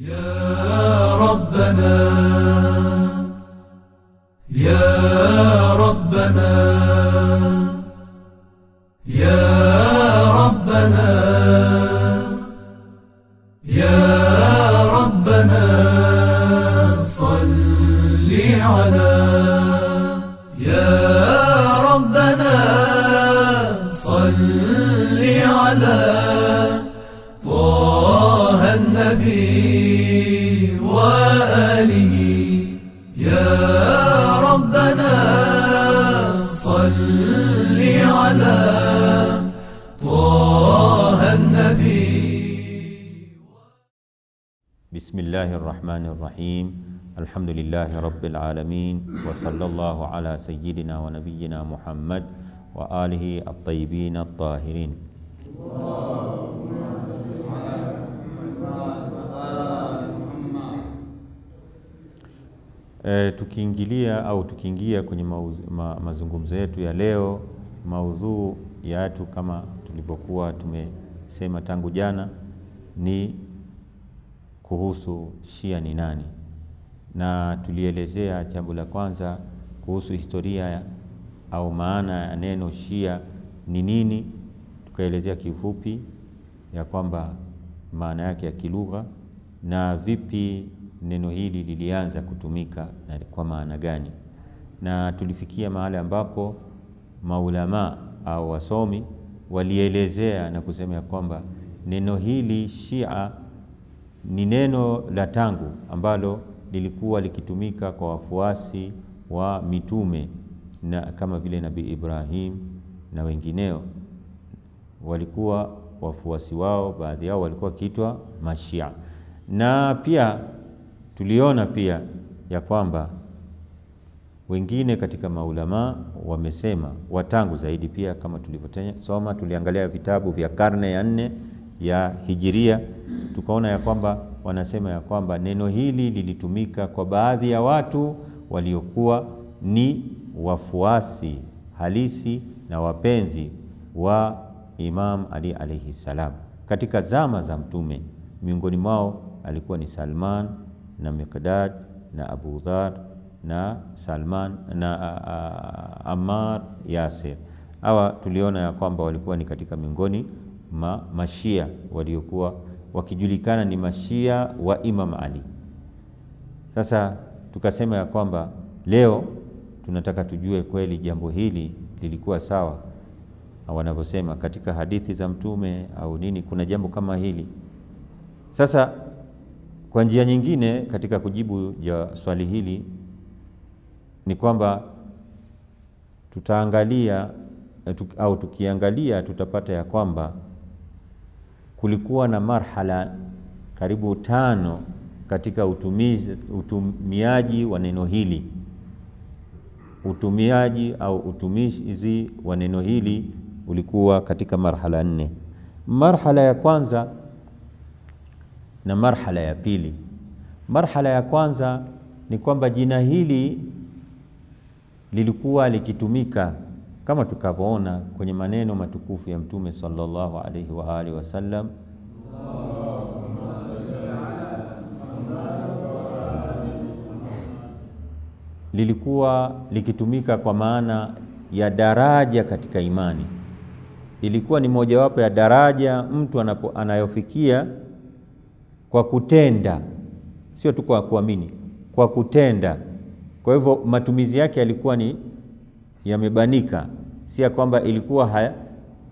يا ربنا Bismillahi rahmani rahim alhamdulillahi rabbil alamin wa sallallahu ala sayyidina wa nabiyyina Muhammad wa alihi at-tayyibin at-tahirin. E, tukiingilia au tukiingia kwenye ma, mazungumzo yetu ya leo, maudhuu ya watu kama tulivyokuwa tumesema tangu jana ni kuhusu Shia ni nani, na tulielezea jambo la kwanza kuhusu historia au maana ya neno Shia ni nini, tukaelezea kifupi ya kwamba maana yake ya kilugha na vipi neno hili lilianza kutumika na kwa maana gani, na tulifikia mahali ambapo maulamaa au wasomi walielezea na kusema ya kwamba neno hili Shia ni neno la tangu ambalo lilikuwa likitumika kwa wafuasi wa mitume na kama vile Nabii Ibrahim na wengineo, walikuwa wafuasi wao, baadhi yao walikuwa wakiitwa Mashia. Na pia tuliona pia ya kwamba wengine katika maulamaa wamesema watangu zaidi, pia kama tulivyosoma, tuliangalia vitabu vya karne ya nne ya hijiria, tukaona ya kwamba wanasema ya kwamba neno hili lilitumika kwa baadhi ya watu waliokuwa ni wafuasi halisi na wapenzi wa Imam Ali alaihi salam katika zama za Mtume. Miongoni mwao alikuwa ni Salman na Miqdad na Abu Dhar na Salman na a, a, Ammar Yasir. Hawa tuliona ya kwamba walikuwa ni katika miongoni ma, mashia waliokuwa wakijulikana ni mashia wa Imam Ali. Sasa tukasema ya kwamba leo tunataka tujue kweli jambo hili lilikuwa sawa wanavyosema katika hadithi za Mtume au nini, kuna jambo kama hili. Sasa kwa njia nyingine, katika kujibu ya swali hili ni kwamba tutaangalia eh, au tukiangalia tutapata ya kwamba kulikuwa na marhala karibu tano katika utumizi, utumiaji wa neno hili utumiaji au utumizi wa neno hili ulikuwa katika marhala nne. Marhala ya kwanza na marhala ya pili. Marhala ya kwanza ni kwamba jina hili lilikuwa likitumika kama tukavyoona kwenye maneno matukufu ya Mtume sallallahu alaihi wa alihi wasallam lilikuwa likitumika kwa maana ya daraja katika imani. Ilikuwa ni mojawapo ya daraja mtu anapo, anayofikia kwa kutenda, sio tu kwa kuamini, kwa kutenda. Kwa hivyo matumizi yake yalikuwa ni yamebanika, si ya kwamba ilikuwa haya,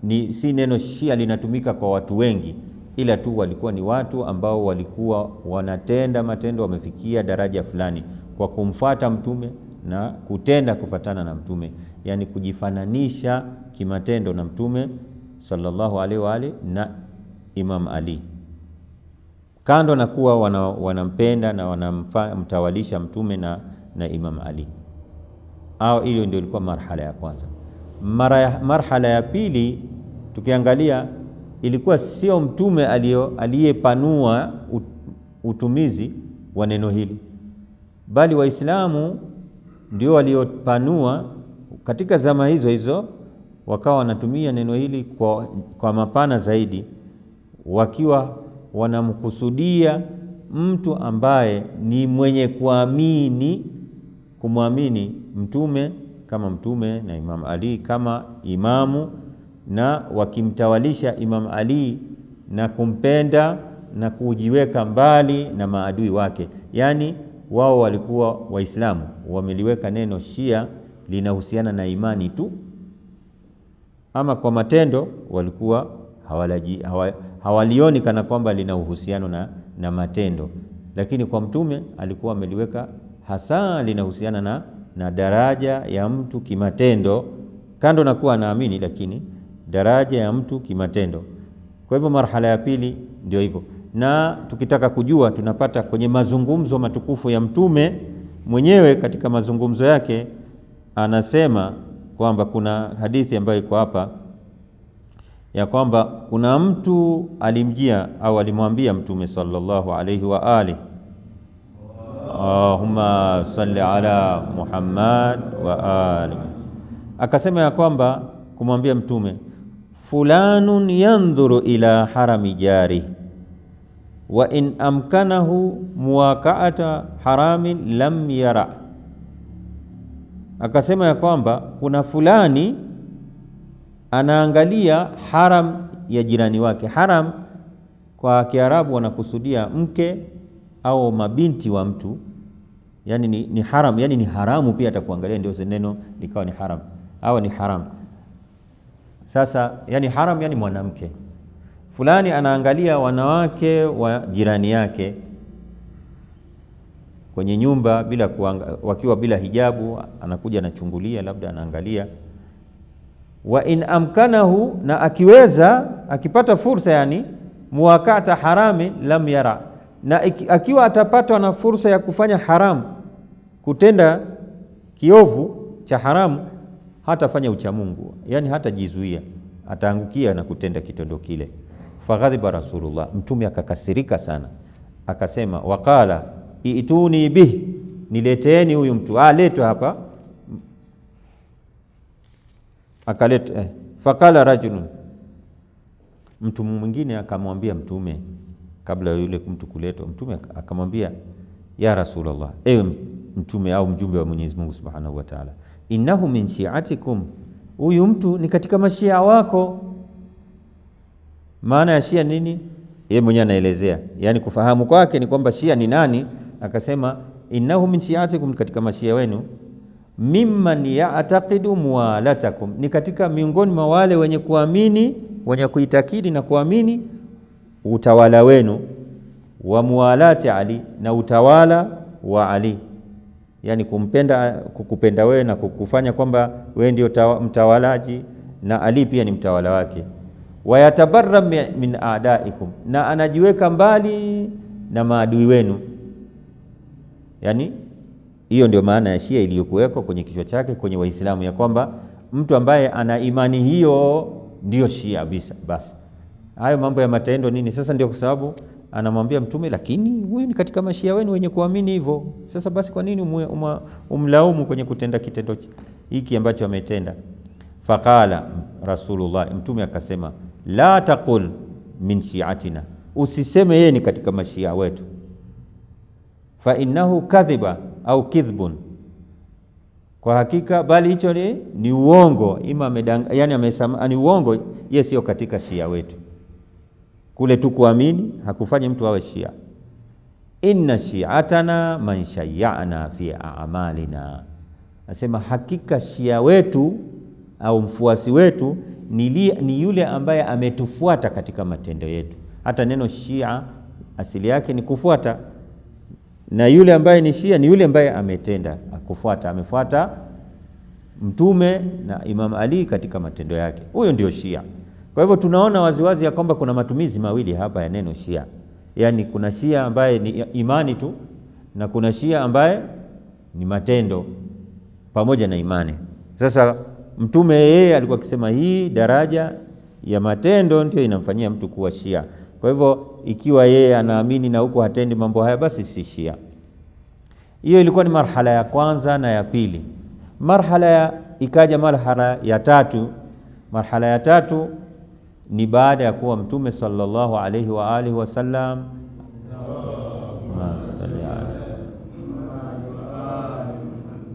ni si neno Shia linatumika kwa watu wengi, ila tu walikuwa ni watu ambao walikuwa wanatenda matendo, wamefikia daraja fulani kwa kumfata mtume na kutenda kufatana na mtume, yani kujifananisha kimatendo na mtume sallallahu alaihi wa ali na Imam Ali, kando na kuwa wanampenda na wanamtawalisha mtume na, na Imam Ali au hiyo ndio ilikuwa marhala ya kwanza. Mara, marhala ya pili tukiangalia ilikuwa sio mtume aliyepanua utumizi wa neno hili, bali Waislamu ndio waliopanua katika zama hizo hizo, wakawa wanatumia neno hili kwa, kwa mapana zaidi, wakiwa wanamkusudia mtu ambaye ni mwenye kuamini kumwamini mtume kama mtume na Imam Ali kama imamu na wakimtawalisha Imam Ali na kumpenda na kujiweka mbali na maadui wake. Yaani wao walikuwa Waislamu, wameliweka neno Shia linahusiana na imani tu, ama kwa matendo walikuwa hawalaji, hawalioni kana kwamba lina uhusiano na, na matendo, lakini kwa mtume alikuwa ameliweka hasa linahusiana na na daraja ya mtu kimatendo, kando na kuwa anaamini, lakini daraja ya mtu kimatendo. Kwa hivyo marhala ya pili ndio hivyo, na tukitaka kujua tunapata kwenye mazungumzo matukufu ya Mtume mwenyewe. Katika mazungumzo yake anasema kwamba kuna hadithi ambayo iko hapa ya kwamba kuna mtu alimjia au alimwambia Mtume sallallahu alaihi wa alihi Allahumma salli ala Muhammad wa ali. Akasema ya kwamba kumwambia Mtume, fulanun yandhuru ila harami jari wa in amkanahu muwaqaata haramin lam yara. Akasema ya kwamba kuna fulani anaangalia haram ya jirani wake. Haram kwa Kiarabu wanakusudia mke au mabinti wa mtu yani ni, ni haram yani ni haramu pia atakuangalia, ndio neno likawa ni haram au ni haram. Sasa yani haram yani mwanamke fulani anaangalia wanawake wa jirani yake kwenye nyumba bila kuanga, wakiwa bila hijabu, anakuja anachungulia, labda anaangalia wa in amkanahu, na akiweza akipata fursa yani muwakata harami lam yara na akiwa atapatwa na fursa ya kufanya haramu, kutenda kiovu cha haramu, hatafanya uchamungu, yaani hatajizuia, ataangukia na kutenda kitendo kile. Faghadhiba Rasulullah, Mtume akakasirika sana, akasema waqala ituni bihi, nileteeni huyu mtu aletwe ah, hapa. Akaleta eh. Faqala rajulun, mtu mwingine akamwambia Mtume kabla ya yule mtu kuletwa, mtume akamwambia, ya Rasulullah, ewe mtume au mjumbe wa Mwenyezi Mungu Subhanahu wa Ta'ala, innahu min shi'atikum, huyu mtu ni katika mashia wako. Maana ya shia nini? Yeye mwenyewe anaelezea, yaani kufahamu kwake ni kwamba shia ni nani. Akasema innahu min shi'atikum, katika mashia wenu. Mimman ya'taqidu muwalatakum, ni katika miongoni mwa wale wenye kuamini wenye kuitakidi na kuamini utawala wenu wa muwalati Ali na utawala wa Ali, yani kumpenda, kukupenda wewe na kukufanya kwamba wewe ndio mtawalaji na Ali pia ni mtawala wake. Wayatabarra min adaikum, na anajiweka mbali na maadui wenu. Yani hiyo ndio maana ya Shia iliyokuwekwa kwenye kichwa chake kwenye Waislamu ya kwamba mtu ambaye ana imani hiyo ndiyo Shia bisa basi hayo mambo ya matendo nini. Sasa ndio kwa sababu anamwambia Mtume, lakini huyu ni katika mashia wenu wenye kuamini hivyo. Sasa basi, kwa nini umlaumu kwenye kutenda kitendo hiki ambacho ametenda? Faqala Rasulullah, Mtume akasema la taqul min shiatina, usiseme yeye ni katika mashia wetu, fa innahu kadhiba au kidhbun, kwa hakika, bali hicho ni uongo, ima amedanga, yani amesema ni uongo, yeye sio katika shia wetu. Kule tu kuamini hakufanyi mtu awe Shia. Inna shiatana man shayana fi a'malina, nasema hakika Shia wetu au mfuasi wetu ni, li, ni yule ambaye ametufuata katika matendo yetu. Hata neno Shia asili yake ni kufuata, na yule ambaye ni Shia ni yule ambaye ametenda kufuata, amefuata Mtume na Imam Ali katika matendo yake, huyo ndio Shia. Kwa hivyo tunaona waziwazi ya kwamba kuna matumizi mawili hapa ya neno Shia, yaani kuna Shia ambaye ni imani tu na kuna Shia ambaye ni matendo pamoja na imani. Sasa Mtume yeye alikuwa akisema hii daraja ya matendo ndio inamfanyia mtu kuwa Shia. Kwa hivyo ikiwa yeye anaamini na huko hatendi mambo haya, basi si Shia. Hiyo ilikuwa ni marhala ya kwanza na ya pili. Marhala ya ikaja marhala ya tatu. Marhala ya tatu ni baada ya kuwa Mtume sallallahu alaihi wa alihi wasallam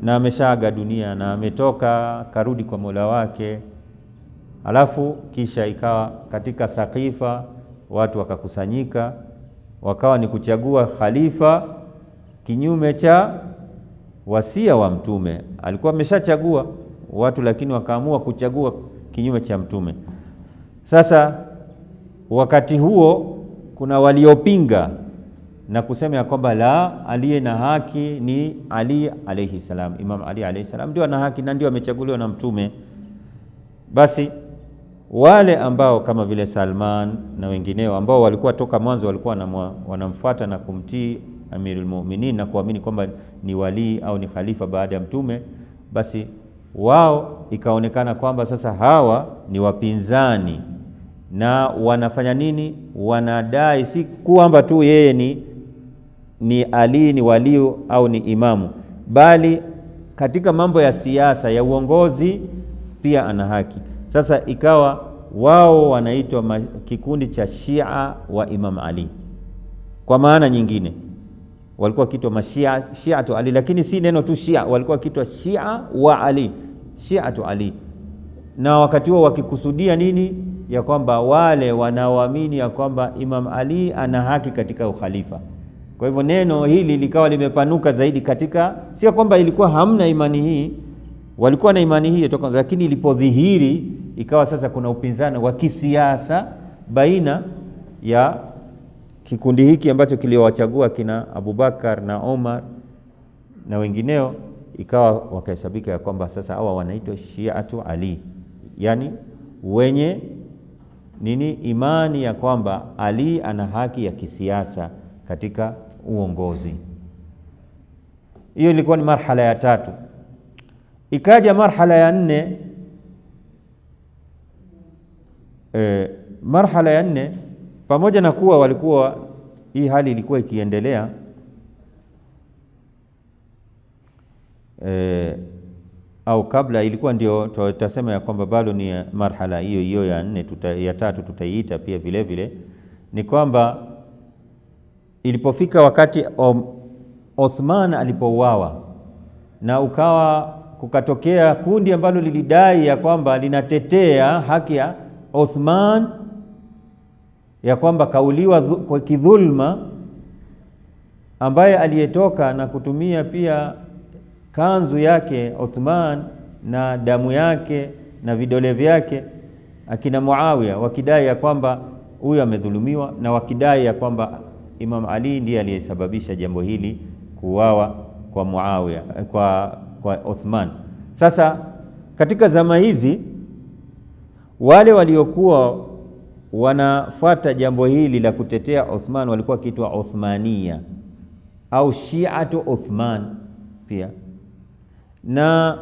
na ameshaaga dunia na ametoka karudi kwa Mola wake, alafu kisha ikawa katika Sakifa watu wakakusanyika, wakawa ni kuchagua khalifa kinyume cha wasia wa Mtume. Alikuwa ameshachagua watu, lakini wakaamua kuchagua kinyume cha Mtume. Sasa wakati huo kuna waliopinga na kusema ya kwamba la, aliye na haki ni Ali alayhi salam. Imam Ali alayhi salam ndio ana haki na ndio amechaguliwa na Mtume. Basi wale ambao kama vile Salman na wengineo ambao walikuwa toka mwanzo walikuwa wanamfuata na kumtii Amirul Mu'minin na kuamini kwamba ni walii au ni khalifa baada ya Mtume, basi wao ikaonekana kwamba sasa hawa ni wapinzani na wanafanya nini? Wanadai si kwamba tu yeye ni, ni Ali ni waliu au ni imamu, bali katika mambo ya siasa ya uongozi pia ana haki. Sasa ikawa wao wanaitwa kikundi cha Shia wa Imam Ali. Kwa maana nyingine walikuwa kitwa mashia tu Ali, lakini si neno tu Shia, walikuwa kitwa Shia wa Ali shi'atu Ali, na wakati huo wakikusudia nini? Ya kwamba wale wanaoamini ya kwamba Imam Ali ana haki katika ukhalifa. Kwa hivyo neno hili likawa limepanuka zaidi katika, si kwamba ilikuwa hamna imani hii, walikuwa na imani hii toka, lakini ilipodhihiri ikawa sasa kuna upinzani wa kisiasa baina ya kikundi hiki ambacho kiliowachagua kina Abubakar na Omar na wengineo ikawa wakahesabika ya kwamba sasa hawa wanaitwa shiatu Ali, yani wenye nini imani ya kwamba Ali ana haki ya kisiasa katika uongozi. Hiyo ilikuwa ni marhala ya tatu. Ikaja marhala ya nne. E, marhala ya nne, pamoja na kuwa walikuwa hii hali ilikuwa ikiendelea eh, au kabla ilikuwa ndio tutasema ya kwamba bado ni marhala hiyo hiyo ya nne tuta, ya tatu tutaiita pia vile vile, ni kwamba ilipofika wakati Othman alipouawa na ukawa kukatokea kundi ambalo lilidai ya kwamba linatetea haki ya Othman ya kwamba kauliwa kwa kidhulma, ambaye aliyetoka na kutumia pia kanzu yake Uthman na damu yake na vidole vyake akina Muawiya, wakidai ya kwamba huyu amedhulumiwa na wakidai ya kwamba Imam Ali ndiye aliyesababisha jambo hili kuuawa kwa Muawiya, eh, kwa, kwa Uthman. Sasa katika zama hizi wale waliokuwa wanafuata jambo hili la kutetea Uthman walikuwa wakiitwa Uthmania au Shiatu Uthman pia na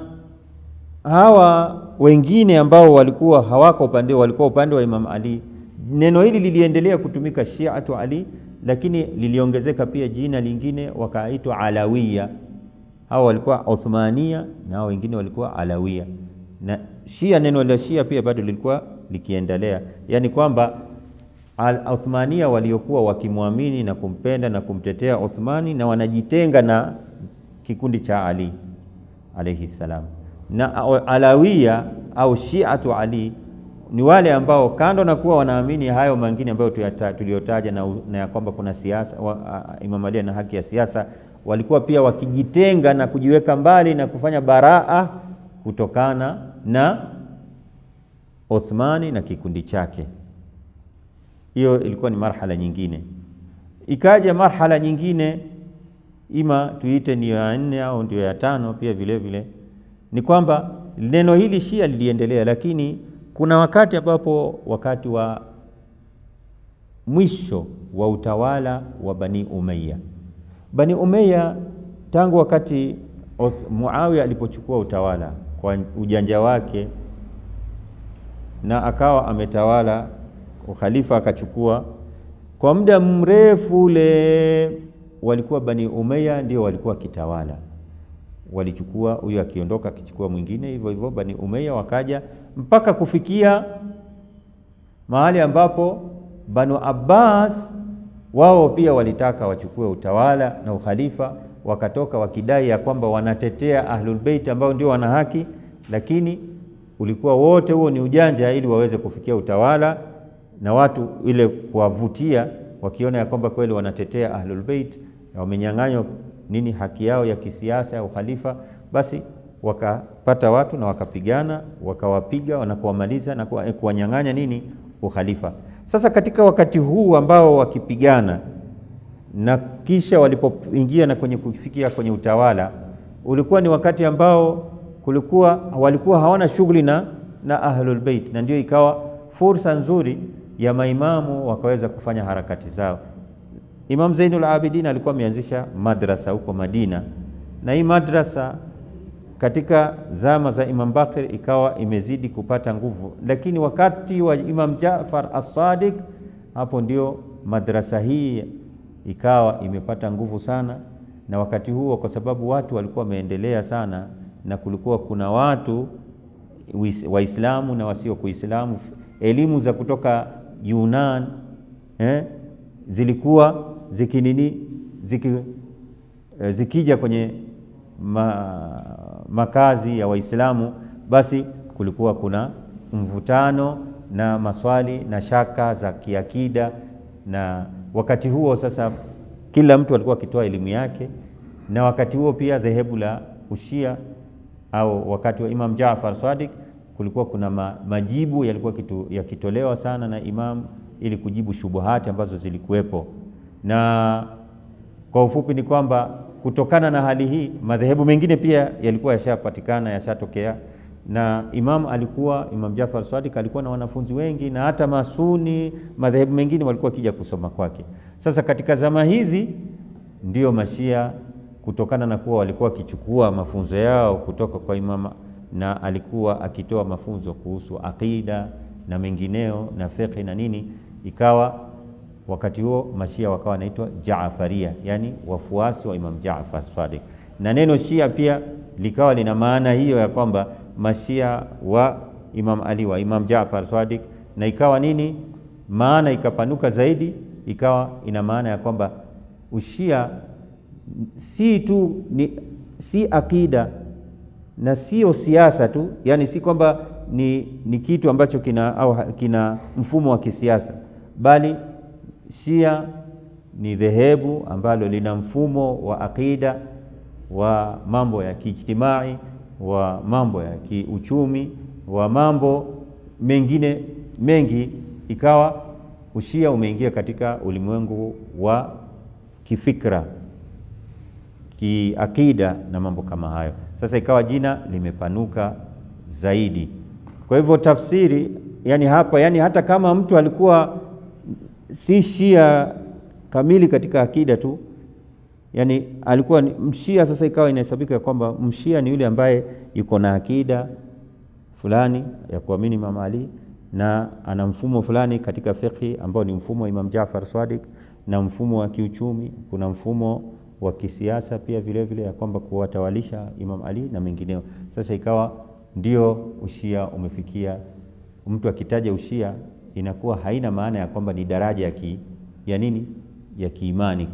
hawa wengine ambao walikuwa hawako upande, walikuwa upande wa Imam Ali. Neno hili liliendelea kutumika Shiatu Ali, lakini liliongezeka pia jina lingine wakaitwa Alawiya. Hawa walikuwa Uthmania na hao wengine walikuwa Alawiya na Shia. Neno la Shia pia bado lilikuwa likiendelea, yaani kwamba Uthmania waliokuwa wakimwamini na kumpenda na kumtetea Uthmani na wanajitenga na kikundi cha Ali alaihi salam. Na alawia au shiatu Ali ni wale ambao kando na kuwa wanaamini hayo mengine ambayo tuliyotaja na, na ya kwamba kuna siasa Imam Ali na haki ya siasa, walikuwa pia wakijitenga na kujiweka mbali na kufanya baraa kutokana na Othmani na kikundi chake. Hiyo ilikuwa ni marhala nyingine. Ikaja marhala nyingine ima tuite ni ya nne au ndio ya tano pia vile vile, ni kwamba neno hili Shia liliendelea, lakini kuna wakati ambapo wakati wa mwisho wa utawala wa Bani Umayya. Bani Umayya tangu wakati Muawiya alipochukua utawala kwa ujanja wake na akawa ametawala ukhalifa akachukua kwa muda mrefu ule walikuwa Bani umeya ndio walikuwa kitawala, walichukua huyo, akiondoka akichukua mwingine, hivyo hivyo Bani Umeya wakaja mpaka kufikia mahali ambapo Banu Abbas wao pia walitaka wachukue utawala na ukhalifa, wakatoka wakidai ya kwamba wanatetea Ahlul Bait ambao ndio wana haki, lakini ulikuwa wote huo ni ujanja ili waweze kufikia utawala na watu ile kuwavutia, wakiona ya kwamba kweli wanatetea Ahlul Bait wamenyang'anywa nini haki yao ya kisiasa ya ukhalifa, basi wakapata watu na wakapigana, wakawapiga na kuwamaliza na eh, kuwanyang'anya nini ukhalifa. Sasa katika wakati huu ambao wakipigana na kisha walipoingia na kwenye kufikia kwenye utawala, ulikuwa ni wakati ambao kulikuwa walikuwa hawana shughuli na, na ahlul bait, na ndio ikawa fursa nzuri ya maimamu wakaweza kufanya harakati zao. Imam Zainul Abidin alikuwa ameanzisha madrasa huko Madina, na hii madrasa katika zama za Imam Bakir ikawa imezidi kupata nguvu, lakini wakati wa Imam Jaafar As-Sadiq, hapo ndio madrasa hii ikawa imepata nguvu sana. Na wakati huo, kwa sababu watu walikuwa wameendelea sana, na kulikuwa kuna watu Waislamu na wasio Kuislamu, elimu za kutoka Yunan eh, zilikuwa nini ziki, e, zikija kwenye ma, makazi ya Waislamu, basi kulikuwa kuna mvutano na maswali na shaka za kiakida. Na wakati huo sasa, kila mtu alikuwa akitoa elimu yake, na wakati huo pia dhehebu la Ushia au wakati wa Imam Jaafar Sadiq kulikuwa kuna majibu yalikuwa yakitolewa sana na Imam ili kujibu shubuhati ambazo zilikuwepo. Na kwa ufupi ni kwamba kutokana na hali hii madhehebu mengine pia yalikuwa yashapatikana yashatokea, na Imam alikuwa Imam Jafar Sadiq alikuwa na wanafunzi wengi, na hata masuni madhehebu mengine walikuwa kija kusoma kwake. Sasa katika zama hizi ndiyo mashia kutokana na kuwa walikuwa wakichukua mafunzo yao kutoka kwa Imam na alikuwa akitoa mafunzo kuhusu aqida na mengineo na fiqh na nini, ikawa Wakati huo mashia wakawa wanaitwa Jaafaria, yani wafuasi wa Imam Jaafar Sadiq, na neno shia pia likawa lina maana hiyo ya kwamba mashia wa Imam Ali wa Imam Jaafar Sadiq, na ikawa nini maana ikapanuka zaidi, ikawa ina maana ya kwamba ushia si tu ni, si akida na sio siasa tu, yani si kwamba ni, ni kitu ambacho kina, au, kina mfumo wa kisiasa bali Shia ni dhehebu ambalo lina mfumo wa akida wa mambo ya kiijtimai, wa mambo ya kiuchumi, wa mambo mengine mengi, ikawa ushia umeingia katika ulimwengu wa kifikra, kiakida na mambo kama hayo. Sasa ikawa jina limepanuka zaidi. Kwa hivyo tafsiri, yani hapa, yani hata kama mtu alikuwa si Shia kamili katika akida tu, yani alikuwa ni mshia. Sasa ikawa inahesabika kwamba mshia ni yule ambaye yuko na akida fulani ya kuamini Imam Ali na ana mfumo fulani katika fiqhi ambao ni mfumo wa Imam jafar Sadiq, na mfumo wa kiuchumi, kuna mfumo wa kisiasa pia vilevile vile ya kwamba kuwatawalisha Imam Ali na mengineo. Sasa ikawa ndio ushia umefikia, mtu akitaja ushia inakuwa haina maana ya kwamba ni daraja ya, ki, ya nini ya kiimani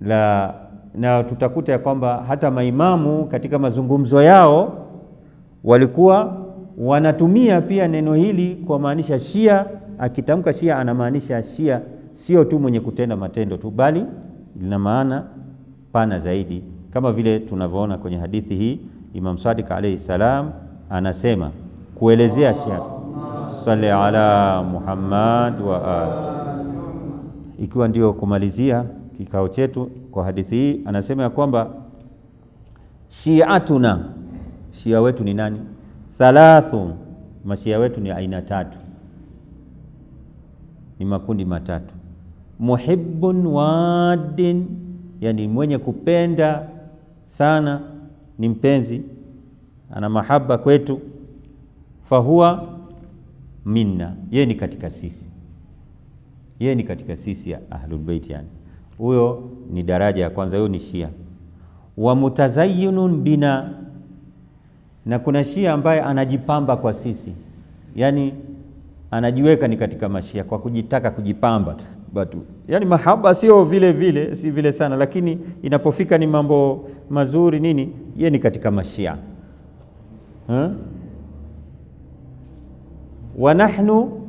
la, na tutakuta ya kwamba hata maimamu katika mazungumzo yao walikuwa wanatumia pia neno hili maanisha Shia. Akitamka Shia anamaanisha Shia sio tu mwenye kutenda matendo tu, bali lina maana pana zaidi, kama vile tunavyoona kwenye hadithi hii. Imam Sadiq alayhi salam anasema kuelezea Shia salli ala Muhammad wa ali. Ikiwa ndio kumalizia kikao chetu kwa hadithi hii, anasema ya kwamba shiatuna, shia wetu ni nani? Thalathu, mashia wetu ni aina tatu, ni makundi matatu. Muhibbun wadin yani mwenye kupenda sana, ni mpenzi, ana mahaba kwetu, fahuwa minna, yeye ni katika sisi, yeye ni katika sisi ya Ahlul Bait. Yani huyo ni daraja ya kwanza, huyo ni Shia. Wa mutazayyinun bina, na kuna Shia ambaye anajipamba kwa sisi, yani anajiweka ni katika mashia kwa kujitaka kujipamba batu, yani mahaba sio vile vile, si vile sana, lakini inapofika ni mambo mazuri nini, ye ni katika mashia ha? wa nahnu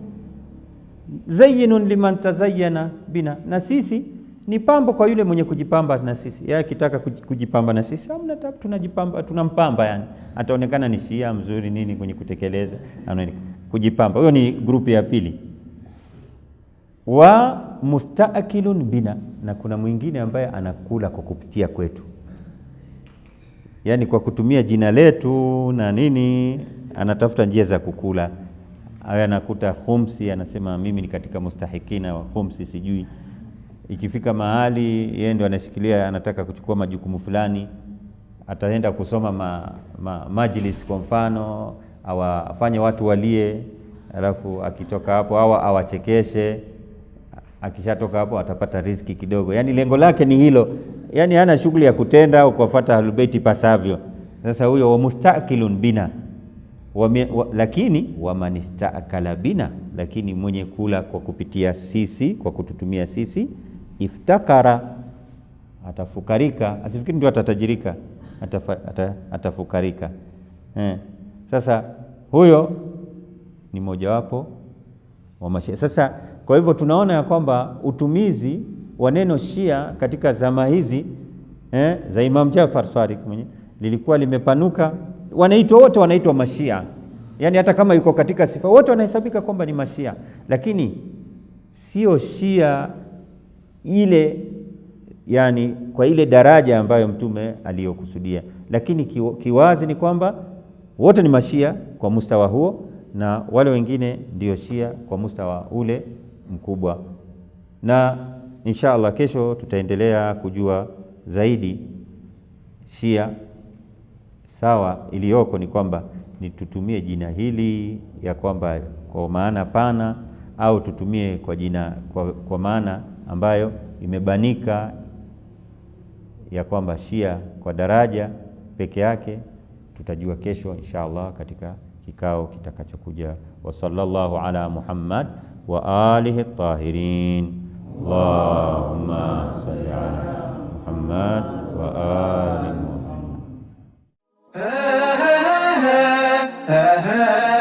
zayyinun liman tazayyana bina, na sisi ni pambo kwa yule mwenye kujipamba na sisi. Yeye akitaka kujipamba na sisi hamna tabu, tunajipamba tunampamba, yani ataonekana ni Shia mzuri nini kwenye kutekeleza kujipamba. Huyo ni grupu ya pili. Wa mustaakilun bina, na kuna mwingine ambaye anakula kwa kupitia kwetu, yani kwa kutumia jina letu na nini, anatafuta njia za kukula awe anakuta khumsi, anasema mimi ni katika mustahikina wa khumsi, sijui ikifika mahali yeye ndo anashikilia, anataka kuchukua majukumu fulani, ataenda kusoma ma, ma, majlis kwa mfano, awafanye watu walie, alafu akitoka hapo au awachekeshe, akishatoka hapo atapata riziki kidogo. Yani lengo lake ni hilo, yani hana shughuli ya kutenda au kuwafuata halubeti pasavyo. Sasa huyo wa mustakilun bina Wame, wa, lakini wamanistakala bina, lakini mwenye kula kwa kupitia sisi, kwa kututumia sisi, iftakara, atafukarika. Asifikiri ndio atatajirika, atafa, ata, atafukarika eh. Sasa huyo ni mojawapo wa mashia. Sasa kwa hivyo tunaona ya kwamba utumizi wa neno Shia katika zama hizi eh, za Imam Jafar Sadiq mwenye lilikuwa limepanuka wanaitwa wote wanaitwa mashia, yaani hata kama yuko katika sifa wote wanahesabika kwamba ni mashia, lakini sio shia ile yani kwa ile daraja ambayo mtume aliyokusudia, lakini kiwazi ni kwamba wote ni mashia kwa mustawa huo, na wale wengine ndio shia kwa mustawa ule mkubwa. Na insha Allah kesho tutaendelea kujua zaidi shia sawa iliyoko ni kwamba ni tutumie jina hili ya kwamba kwa maana pana au tutumie kwa jina kwa, kwa maana ambayo imebanika ya kwamba Shia kwa daraja peke yake. Tutajua kesho insha Allah katika kikao kitakachokuja. wa sallallahu ala Muhammad wa alihi tahirin. Allahumma salli ala Muhammad wa alihi Uh-huh.